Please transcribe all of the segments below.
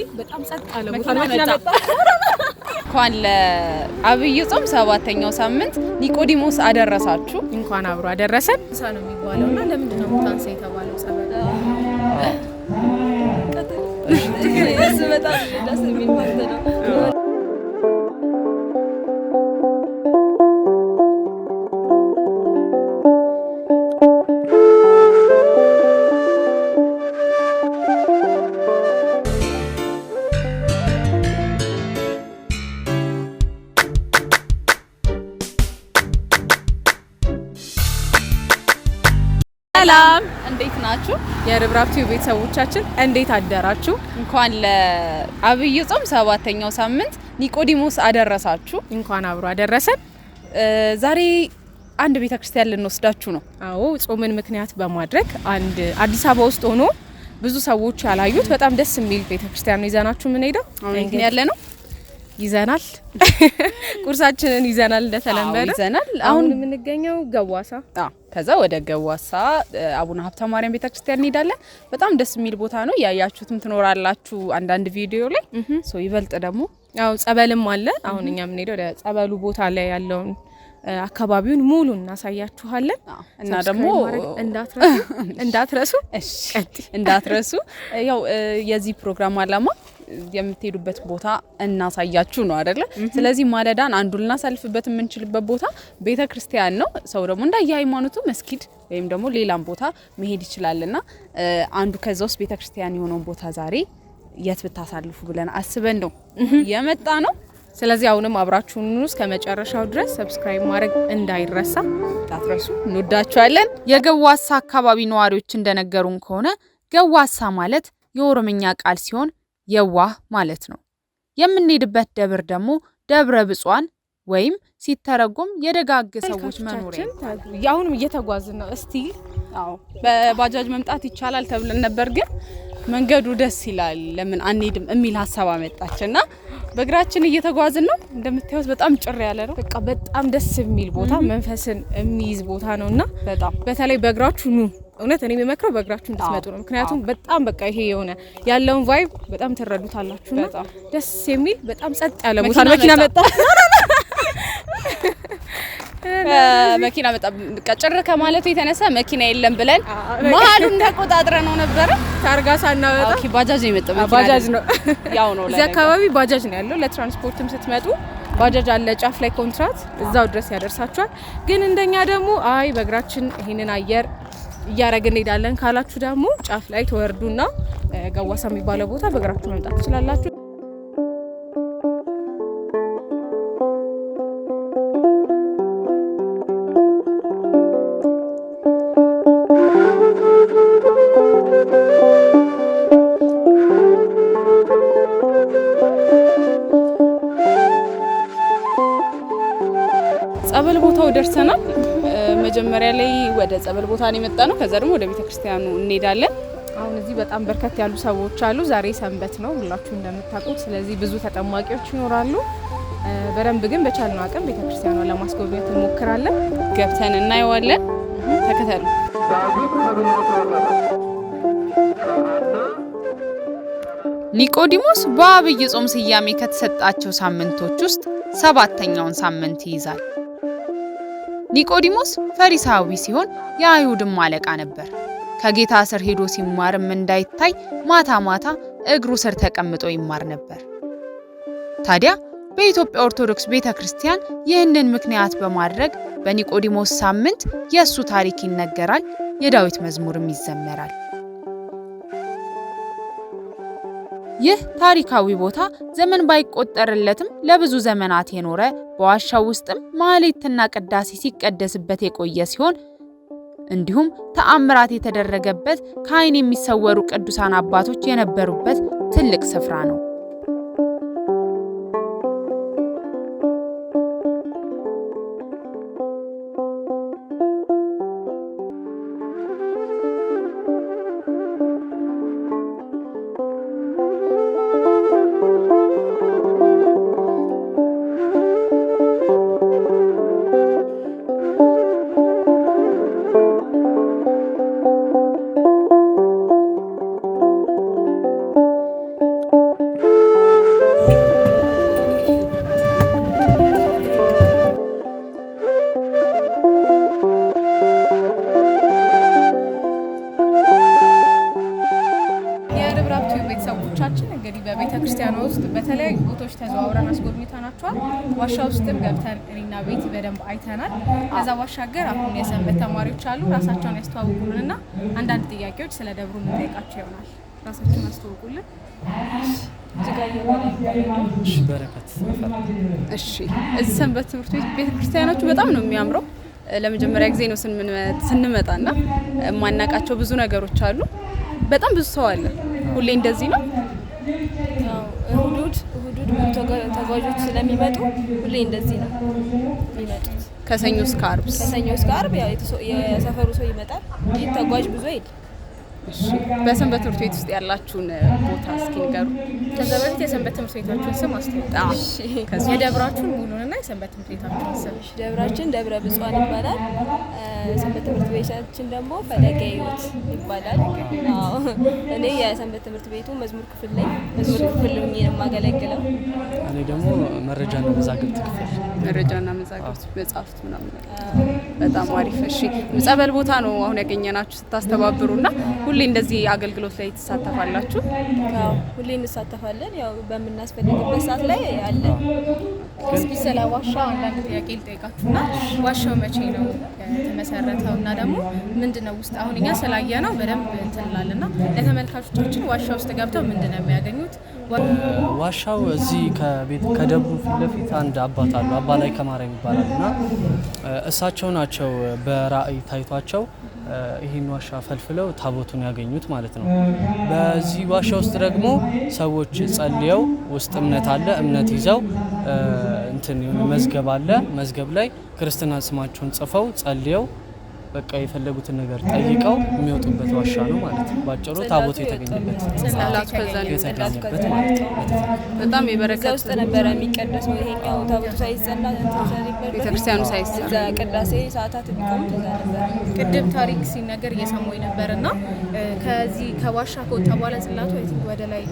ሌሊት በጣም ጸጥ ቦታ እንኳን ለአብይ ጾም ሰባተኛው ሳምንት ኒቆዲሞስ አደረሳችሁ። እንኳን አብሮ አደረሰን ነው የሚባለው እና ለምንድን ነው ሙታንሳ የተባለው? በጣም ደስ የሚል ነው። የርብራብቲ ቤተሰቦቻችን እንዴት አደራችሁ? እንኳን ለአብይ ጾም ሰባተኛው ሳምንት ኒቆዲሞስ አደረሳችሁ። እንኳን አብሮ አደረሰን። ዛሬ አንድ ቤተ ክርስቲያን ልንወስዳችሁ ነው። አዎ ጾምን ምክንያት በማድረግ አንድ አዲስ አበባ ውስጥ ሆኖ ብዙ ሰዎች ያላዩት በጣም ደስ የሚል ቤተክርስቲያን ነው ይዘናችሁ ምን ሄደው ያለ ነው ይዘናል። ቁርሳችንን ይዘናል። እንደተለመደ ይዘናል። አሁን የምንገኘው ገዋሳ። ከዛ ወደ ገዋሳ አቡነ ሀብተ ማርያም ቤተክርስቲያን እንሄዳለን። በጣም ደስ የሚል ቦታ ነው። ያያችሁትም ትኖራላችሁ አንዳንድ ቪዲዮ ላይ ሶ ይበልጥ ደግሞ ያው ጸበልም አለ። አሁን እኛ የምንሄደው ወደ ጸበሉ ቦታ ላይ ያለውን አካባቢውን ሙሉ እናሳያችኋለን እና ደግሞ እንዳትረሱ እንዳትረሱ እንዳትረሱ ያው የዚህ ፕሮግራም አላማ የምትሄዱበት ቦታ እናሳያችሁ ነው አደለ? ስለዚህ ማለዳን አንዱ ልናሳልፍበት የምንችልበት ቦታ ቤተ ክርስቲያን ነው። ሰው ደግሞ እንዳየ ሃይማኖቱ መስጊድ ወይም ደግሞ ሌላም ቦታ መሄድ ይችላልና አንዱ ከዛ ውስጥ ቤተ ክርስቲያን የሆነውን ቦታ ዛሬ የት ብታሳልፉ ብለን አስበን ነው የመጣ ነው። ስለዚህ አሁንም አብራችሁን እስከ መጨረሻው ድረስ ሰብስክራይብ ማድረግ እንዳይረሳ እንዳትረሱ፣ እንወዳችኋለን። የገዋሳ አካባቢ ነዋሪዎች እንደነገሩን ከሆነ ገዋሳ ማለት የኦሮምኛ ቃል ሲሆን የዋህ ማለት ነው። የምንሄድበት ደብር ደግሞ ደብረ ብፁዓን ወይም ሲተረጎም የደጋግ ሰዎች መኖሪያ አሁንም እየተጓዝን ነው። እስቲ በባጃጅ መምጣት ይቻላል ተብለን ነበር፣ ግን መንገዱ ደስ ይላል ለምን አንሄድም የሚል ሀሳብ አመጣች እና በእግራችን እየተጓዝን ነው። እንደምታዩት በጣም ጭር ያለ ነው። በቃ በጣም ደስ የሚል ቦታ መንፈስን የሚይዝ ቦታ ነው እና በጣም በተለይ በእግራችሁ ኑ እውነት እኔ የሚመክረው በእግራችሁ እንድትመጡ ነው። ምክንያቱም በጣም በቃ ይሄ የሆነ ያለውን ቫይብ በጣም ትረዱታላችሁ። ደስ የሚል በጣም ጸጥ ያለ ቦታ መኪና መጣ መኪና መጣ ጭር ከማለቱ የተነሳ መኪና የለም ብለን መሀሉን ተቆጣጥረ ነው ነበረ። ታርጋ ሳናወጣ ባጃጅ ነው የመጣው። ባጃጅ ነው ያው ነው እዚህ አካባቢ ባጃጅ ነው ያለው። ለትራንስፖርትም ስትመጡ ባጃጅ አለ ጫፍ ላይ ኮንትራት እዛው ድረስ ያደርሳችኋል። ግን እንደኛ ደግሞ አይ በእግራችን ይህንን አየር እያረግ እንሄዳለን ካላችሁ ደግሞ ጫፍ ላይ ተወርዱና ገዋሳ የሚባለው ቦታ በእግራችሁ መምጣት ትችላላችሁ። ጸበል ቦታው ደርሰናል። መጀመሪያ ላይ ወደ ጸበል ቦታ ነው የመጣ ነው። ከዛ ደግሞ ወደ ቤተ ክርስቲያኑ እንሄዳለን። አሁን እዚህ በጣም በርከት ያሉ ሰዎች አሉ። ዛሬ ሰንበት ነው ሁላችሁ እንደምታውቁት። ስለዚህ ብዙ ተጠማቂዎች ይኖራሉ። በደንብ ግን በቻልነው አቅም ቤተ ክርስቲያኗ ለማስጎብኘት እንሞክራለን። ገብተን እናየዋለን። ተከተሉ። ኒቆዲሞስ በአብይ ጾም ስያሜ ከተሰጣቸው ሳምንቶች ውስጥ ሰባተኛውን ሳምንት ይይዛል። ኒቆዲሞስ ፈሪሳዊ ሲሆን የአይሁድም አለቃ ነበር። ከጌታ ስር ሄዶ ሲማርም እንዳይታይ ማታ ማታ እግሩ ስር ተቀምጦ ይማር ነበር። ታዲያ በኢትዮጵያ ኦርቶዶክስ ቤተ ክርስቲያን ይህንን ምክንያት በማድረግ በኒቆዲሞስ ሳምንት የእሱ ታሪክ ይነገራል፣ የዳዊት መዝሙርም ይዘመራል። ይህ ታሪካዊ ቦታ ዘመን ባይቆጠርለትም ለብዙ ዘመናት የኖረ በዋሻው ውስጥም ማህሌትና ቅዳሴ ሲቀደስበት የቆየ ሲሆን እንዲሁም ተአምራት የተደረገበት ከዓይን የሚሰወሩ ቅዱሳን አባቶች የነበሩበት ትልቅ ስፍራ ነው። ሰምታችኋል። ዋሻ ውስጥም ገብተን እኔና ቤቲ በደንብ አይተናል። ከዛ ባሻገር አሁን የሰንበት ተማሪዎች አሉ። ራሳቸውን እና አንዳንድ ጥያቄዎች ስለ ደብሩ የምንጠይቃቸው ይሆናል። ራሳቸውን አስተዋውቁልን። በረከት እሺ። እዚህ ሰንበት ትምህርት ቤት ቤተክርስቲያናችሁ በጣም ነው የሚያምረው። ለመጀመሪያ ጊዜ ነው ስንመጣና የማናውቃቸው ብዙ ነገሮች አሉ። በጣም ብዙ ሰው አለ። ሁሌ እንደዚህ ነው ሁሉም ተጓዦች ስለሚመጡ ሁሌ እንደዚህ ነው የሚመጡት። ከሰኞ እስከ አርብ ከሰኞ እስከ አርብ ያው የሰፈሩ ሰው ይመጣል። ይህ ተጓዥ ብዙ አይደል በሰንበት ትምህርት ቤት ውስጥ ያላችሁን ቦታ እስኪ ንገሩ። ከዛ በፊት የሰንበት ትምህርት ቤታችሁን ስም አስተውጣ፣ የደብራችሁን ሙሉንና የሰንበት ትምህርት ቤታችሁን ስም። ደብራችን ደብረ ብፁዓን ይባላል። ሰንበት ትምህርት ቤታችን ደግሞ ፈለገ ሕይወት ይባላል። እኔ የሰንበት ትምህርት ቤቱ መዝሙር ክፍል ላይ መዝሙር ክፍል ነው የማገለግለው። መረጃና መዛግብት ክፍል መረጃና መዛግብት መጽሐፍት ምናምን በጣም አሪፍ። እሺ ጸበል ቦታ ነው አሁን ያገኘናችሁ ስታስተባብሩ እና ሁሌ እንደዚህ አገልግሎት ላይ ትሳተፋላችሁ? ሁሌ እንሳተፋለን። ያው በምናስፈልግበት ሰዓት ላይ አለ። እስኪ ስለ ዋሻው አንዳንድ ጥያቄ ልጠይቃችሁና ዋሻው መቼ ነው የተመሰረተው እና ደግሞ ምንድን ነው ውስጥ አሁን እኛ ስላየ ነው በደንብ እንትንላል ላልና ለተመልካቾቻችን ዋሻ ውስጥ ገብተው ምንድን ነው የሚያገኙት ዋሻው እዚህ ከቤት ከደቡ ፊት ለፊት አንድ አባት አሉ። አባ ላይ ከማርያም ይባላል እና እሳቸው ናቸው በራእይ ታይቷቸው ይህን ዋሻ ፈልፍለው ታቦቱን ያገኙት ማለት ነው። በዚህ ዋሻ ውስጥ ደግሞ ሰዎች ጸልየው ውስጥ እምነት አለ። እምነት ይዘው እንትን መዝገብ አለ። መዝገብ ላይ ክርስትና ስማቸውን ጽፈው ጸልየው በቃ የፈለጉትን ነገር ጠይቀው የሚወጡበት ዋሻ ነው ማለት ነው። ባጭሩ ታቦት የተገኘበት ጽላቱ የተገኘበት ማለት ነው። በጣም የበረከት ውስጥ ነበረ የሚቀደሰው ይሄኛው ታቦቱ ሳይጸና ቤተክርስቲያኑ ሳይጸና ቅዳሴ ሰዓታት የሚቆሙ ነበር። ቅድም ታሪክ ሲነገር እየሰማኝ ነበር እና ከዚህ ከዋሻ ከወጣ በኋላ ጽላቱ ወደ ላይ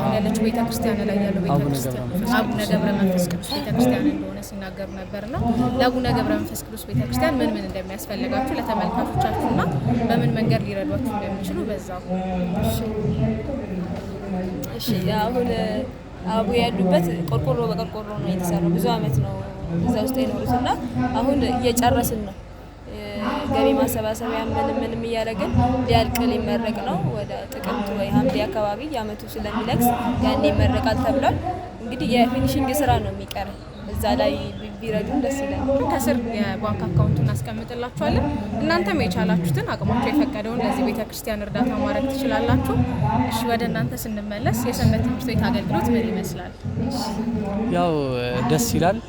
አሁን ያለችው ቤተክርስቲያን ላይ ያለው አቡነ ገብረ መንፈስ ቅዱስ ቤተክርስቲያን እንደሆነ ሲናገሩ ነበር ነበርና ለአቡነ ገብረ መንፈስ ቅዱስ ቤተክርስቲያን ምን ምን እንደሚያስፈልጋችሁ ለተመልካቾቻችሁ ና በምን መንገድ ሊረዷችሁ እንደሚችሉ በዛው እሺ አሁን አቡ ያሉበት ቆርቆሮ በቆርቆሮ ነው የተሰራው። ብዙ አመት ነው እዛ ውስጥ የኖሩት እና አሁን እየጨረስን ነው ገቢ ማሰባሰቢያ ምንም ምንም እያደረግን ሊያልቅ ሊመረቅ ነው። ወደ ጥቅምት ወይ ሐምሌ አካባቢ የአመቱ ስለሚለቅስ ያን ይመረቃል ተብሏል። እንግዲህ የፊኒሽንግ ስራ ነው የሚቀር እዛ ላይ ቢረዱን ደስ ይለናል። ከስር የባንክ አካውንቱ እናስቀምጥላችኋለን። እናንተም የቻላችሁትን አቅማችሁ የፈቀደውን ለዚህ ቤተ ክርስቲያን እርዳታ ማድረግ ትችላላችሁ። እሺ፣ ወደ እናንተ ስንመለስ የሰንበት ትምህርት ቤት አገልግሎት ምን ይመስላል? ያው ደስ ይላል።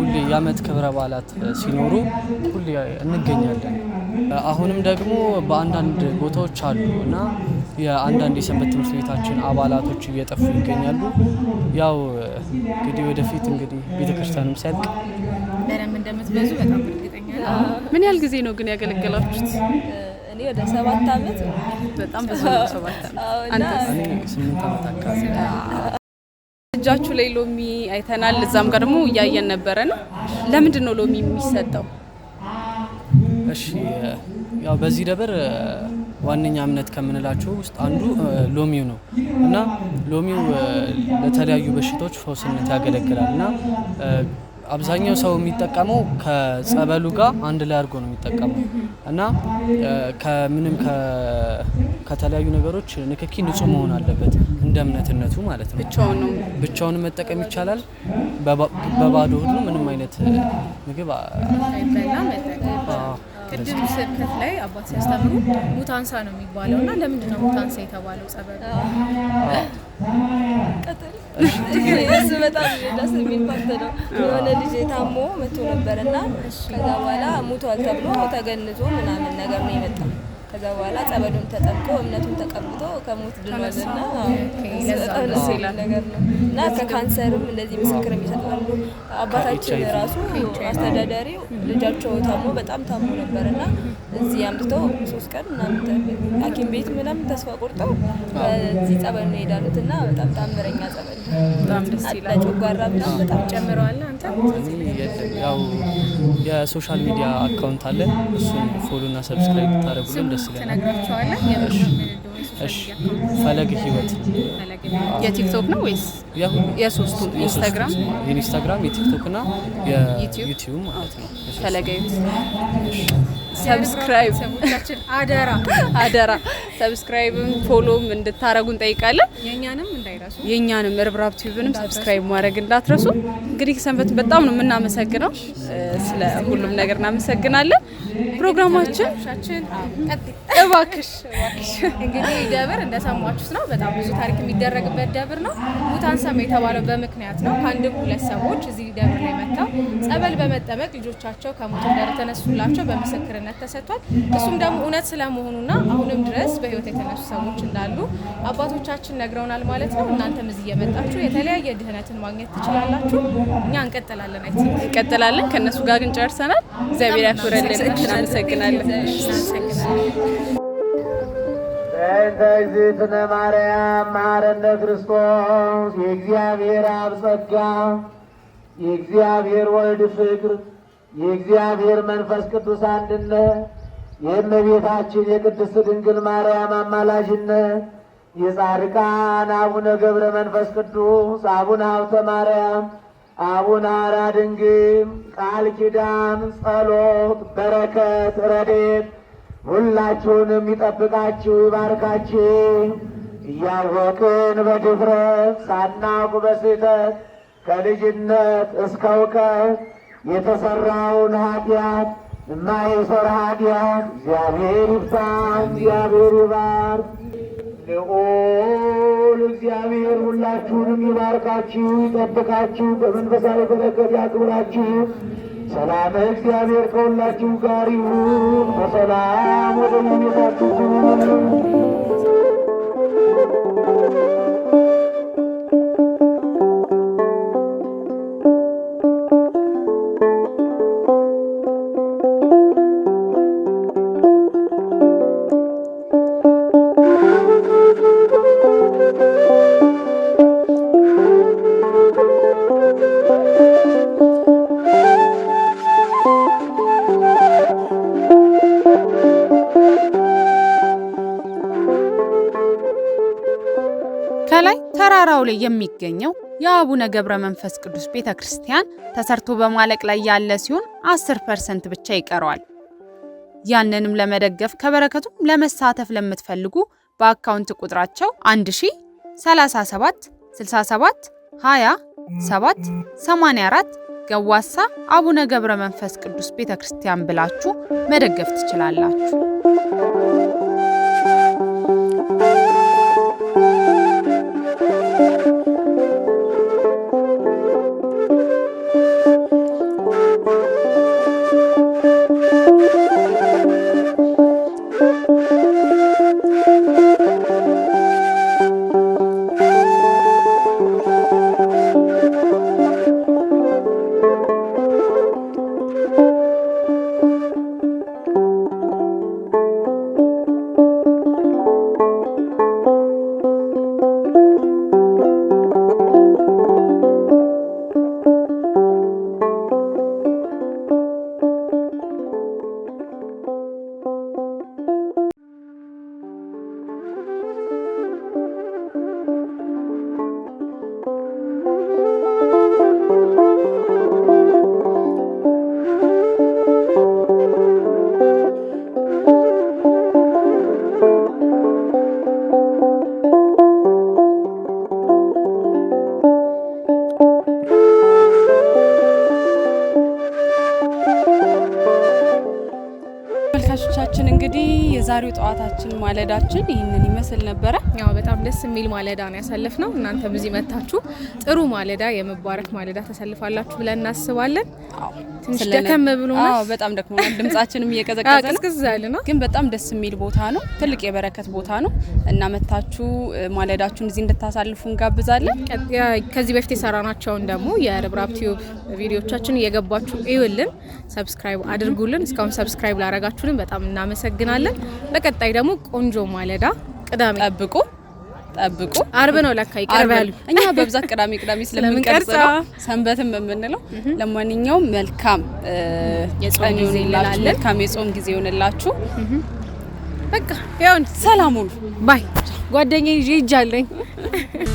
ሁሌ የአመት ክብረ በዓላት ሲኖሩ ሁሌ እንገኛለን። አሁንም ደግሞ በአንዳንድ ቦታዎች አሉ እና የአንዳንድ የሰንበት ትምህርት ቤታችን አባላቶች እየጠፉ ይገኛሉ። ያው እንግዲህ ወደፊት እንግዲህ ቤተክርስቲያንም ሲያልቅ ምን ያህል ጊዜ ነው ግን ያገለገላችሁት? እኔ ወደ ሰባት ዓመት በጣም ብዙ ሰባት ስምንት ዓመት አካባቢ እጃችሁ ላይ ሎሚ አይተናል። እዛም ጋር ደግሞ እያየን ነበረ ነው። ለምንድን ነው ሎሚ የሚሰጠው? እሺ ያው በዚህ ደብር ዋነኛ እምነት ከምንላቸው ውስጥ አንዱ ሎሚው ነው እና ሎሚው ለተለያዩ በሽታዎች ፈውስነት ያገለግላል እና አብዛኛው ሰው የሚጠቀመው ከጸበሉ ጋር አንድ ላይ አድርጎ ነው የሚጠቀመው እና ከምንም ከተለያዩ ነገሮች ንክኪ ንጹህ መሆን አለበት፣ እንደ እምነትነቱ ማለት ነው። ብቻውን መጠቀም ይቻላል። በባዶ ሁሉ ምንም አይነት ምግብ ቅድም ስብከት ላይ አባት ሲያስተምሩ ሙታንሳ ነው የሚባለው እና ለምንድን ነው ሙታንሳ የተባለው ጸበል? እሱ በጣም ደስ የሚል ነው። የሆነ ልጅ ታሞ መቶ ነበር እና ከዛ በኋላ ሙቷል ተብሎ ተገንዞ ምናምን ነገር ነው የመጣው ከዛ በኋላ ጸበሉም ተጠምቆ እምነቱን ተቀብቶ ከሞት ድኗልና ነገር ነው እና ከካንሰርም እንደዚህ ምስክር የሚሰጣሉ። አባታችን ራሱ አስተዳዳሪው ልጃቸው ታሞ በጣም ታሞ ነበር እና እዚህ አምጥተው ሶስት ቀን ምናምን ሐኪም ቤት ምናምን ተስፋ ቆርጠው በዚህ ጸበል ነው ሄዳሉት እና በጣም ታምረኛ ጸበል በጣም ደስ ይላል። ጨጓራ ምናምን በጣም ጨምረዋል። አንተ ያው የሶሻል ሚዲያ አካውንት አለ እሱን ፎሎ እና ሰብስክራይብ ታደረጉልን ደስ ደስ ፈለግ ህይወት የቲክቶክ ነው ወይስ ኢንስታግራም፣ የኢንስታግራም የዩቲዩብ ማለት ነው። ፈለገ ሰብስክራይብ አደራ አደራ ሰብስክራይብም ፎሎም እንድታረጉ እንጠይቃለን። የኛንም እንዳይረሱ የኛንም ርብራብ ቲቪንም ሰብስክራይብ ማድረግ እንዳትረሱ። እንግዲህ ሰንበት በጣም ነው የምናመሰግነው፣ ስለ ሁሉም ነገር እናመሰግናለን። ፕሮግራማችን እባክሽ እባክሽ እንግዲህ ደብር እንደሰማችሁት ነው። በጣም ብዙ ታሪክ የሚደረግበት ደብር ነው። ሙታን ሰማ የተባለው በምክንያት ነው። ከአንድም ሁለት ሰዎች እዚህ ደብር ላይ መጥተው ጸበል በመጠመቅ ልጆቻቸው ከሞት ተነሱላቸው በምስክርነት እውነት ተሰጥቷል። እሱም ደግሞ እውነት ስለመሆኑና አሁንም ድረስ በህይወት የተነሱ ሰዎች እንዳሉ አባቶቻችን ነግረውናል ማለት ነው። እናንተም እዚህ እየመጣችሁ የተለያየ ድህነትን ማግኘት ትችላላችሁ። እኛ እንቀጥላለን አይ እንቀጥላለን። ከእነሱ ጋር ግን ጨርሰናል። እግዚአብሔር ያክብረልን። እናመሰግናለን። ማርያም ማረነ ክርስቶስ የእግዚአብሔር አብ ጸጋ የእግዚአብሔር ወልድ ፍቅር የእግዚአብሔር መንፈስ ቅዱስ አንድነት፣ የእመቤታችን የቅድስት ድንግል ማርያም አማላጅነት፣ የጻድቃን አቡነ ገብረ መንፈስ ቅዱስ፣ አቡነ ሀብተ ማርያም፣ አቡነ ሐራ ድንግል ቃል ኪዳን፣ ጸሎት፣ በረከት፣ ረዴት ሁላችሁንም ይጠብቃችሁ ይባርካችሁ። እያወቅን በድፍረት ሳናውቅ በስህተት ከልጅነት እስከ እውቀት የተሰራውን ኃጢአት የማይሰራ ኃጢአት እግዚአብሔር ይፍታ፣ እግዚአብሔር ይባር። ልዑል እግዚአብሔር ሁላችሁንም ይባርካችሁ፣ ይጠብቃችሁ፣ በመንፈሳዊ በረከት ያክብራችሁ። ሰላም እግዚአብሔር ከሁላችሁ ጋር ይሁን። በሰላም ወደ ቤታችሁ ተራራው ላይ የሚገኘው የአቡነ ገብረ መንፈስ ቅዱስ ቤተ ክርስቲያን ተሰርቶ በማለቅ ላይ ያለ ሲሆን 10% ብቻ ይቀረዋል። ያንንም ለመደገፍ ከበረከቱም ለመሳተፍ ለምትፈልጉ በአካውንት ቁጥራቸው 1037 67 20 7 84 ገዋሳ አቡነ ገብረ መንፈስ ቅዱስ ቤተ ክርስቲያን ብላችሁ መደገፍ ትችላላችሁ። ማለዳችን ይህንን ይመስል ነበረ። ያው በጣም ደስ የሚል ማለዳ ነው ያሳለፍ ነው። እናንተ ብዙ መታችሁ ጥሩ ማለዳ የመባረክ ማለዳ ተሰልፋላችሁ ብለን እናስባለን። ትንሽ ደከም ብሎናል፣ በጣም ደክሞናል። ድምጻችንም እየቀዘቀዘ ነው፣ ነው ግን በጣም ደስ የሚል ቦታ ነው። ትልቅ የበረከት ቦታ ነው እና መታችሁ ማለዳችሁን እዚህ እንድታሳልፉ እንጋብዛለን። ከዚህ በፊት የሰራናቸውን ደግሞ የርብራብ ቲዩብ ቪዲዮቻችን እየገባችሁ እዩልን፣ ሰብስክራይብ አድርጉልን። እስካሁን ሰብስክራይብ ላረጋችሁልን በጣም እናመሰግናለን። በቀጣይ ደግሞ ቆንጆ ማለዳ ቅዳሜ ጠብቁ ጠብቁ። አርብ ነው ለካ ያሉ እኛ በብዛት ቅዳሜ ቅዳሜ ስለምንቀርጸው ሰንበትም የምንለው። ለማንኛውም መልካም የጾም ጊዜ ይሆንላችሁ። መልካም የጾም ጊዜ ይሆንላችሁ። በቃ ያውን ሰላሙን ባይ ጓደኛዬ ይዤ ይጃለኝ